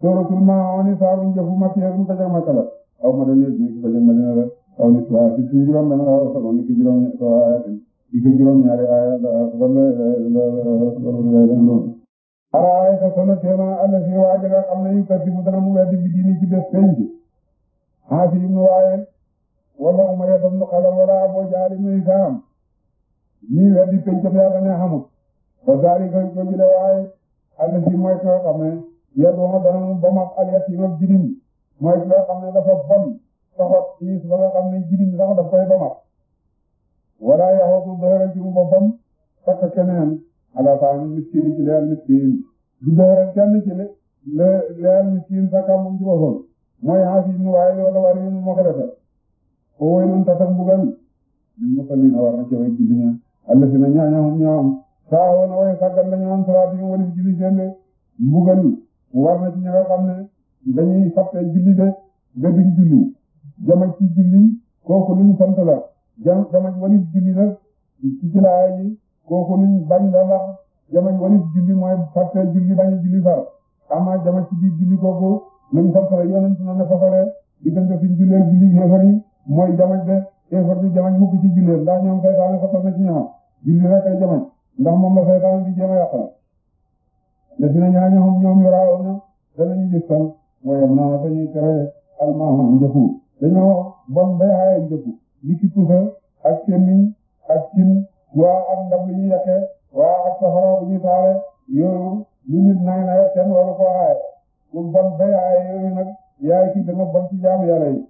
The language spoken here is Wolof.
suratul maa'uun saarun jëfu makkiyatun fajal makka la aw madaniyatun ni ki fajal madina la aw nisfu aayatin ci juróom benn aw sab'un ni ki juróom aayatin ni ki juróom ñaari aaya araayta sama teema allati waaja nga xam ne yukazzibu dana mu weddi bi diini ci bés penc Aasi ibnu Waa'il wala Umayya ibnu Xalaf wala Abu Jahl ibnu Hisaam ñii weddi penc Yàlla ne xamut fa zaalika ko jële waaye allati mooy ko xam ne yar boobu dana mu ba mu ak al yatiim jirim mooy loo xam ne dafa bon soxot ci ba nga xam ne jirim sax daf koy ba mu ak wala yaxootu dëgëral ci mu boppam takk keneen ala saam miskin ci leel miskin du dëgëral kenn ci sa kàmm ci boppam mooy xaasiim waaye wala war yi mu xelete ko woy nun tatam bugal min musallin war na ci way julli ña allafina ñaañahum ñoom saa woon way sàggal la ñoom salaat yi mu wali julli seen mbugal war na ci ñi nga xam ne dañuy soppee julli de ba duñ julli jama ci julli kooku luñ sant la jam jamañ walis julli nag ci ci laaya yi kooku luñ bañ la ndax jamañ walis julli mooy soppee julli bañ julli far ama jama ci biir julli kooku luñ sant la yonent na ne fafare diggante fiñ jullee julli xéefar yi mooy jamañ de xéefar bi jamañ mukk ci jullee ndax ñoom saytaane soppal na ci ñoom julli rek ay jamañ ndax moom la saytaane bi jéem a yàqal def na ñaa ñoom ñoom yoraaw dikkan waaye naa ba ñuy tere almaaxam njëfu dañoo bon ba yaayee njëfu li ci pusa ak semmiñ ak cin waa ak ndab lu ñu yàqee waa ak safara bu ñu taale yooyu lu nit nay na kenn waru ko aaye ku bon ba yaayee yooyu nag yaay ci danga bon ci jaamu yàlla yi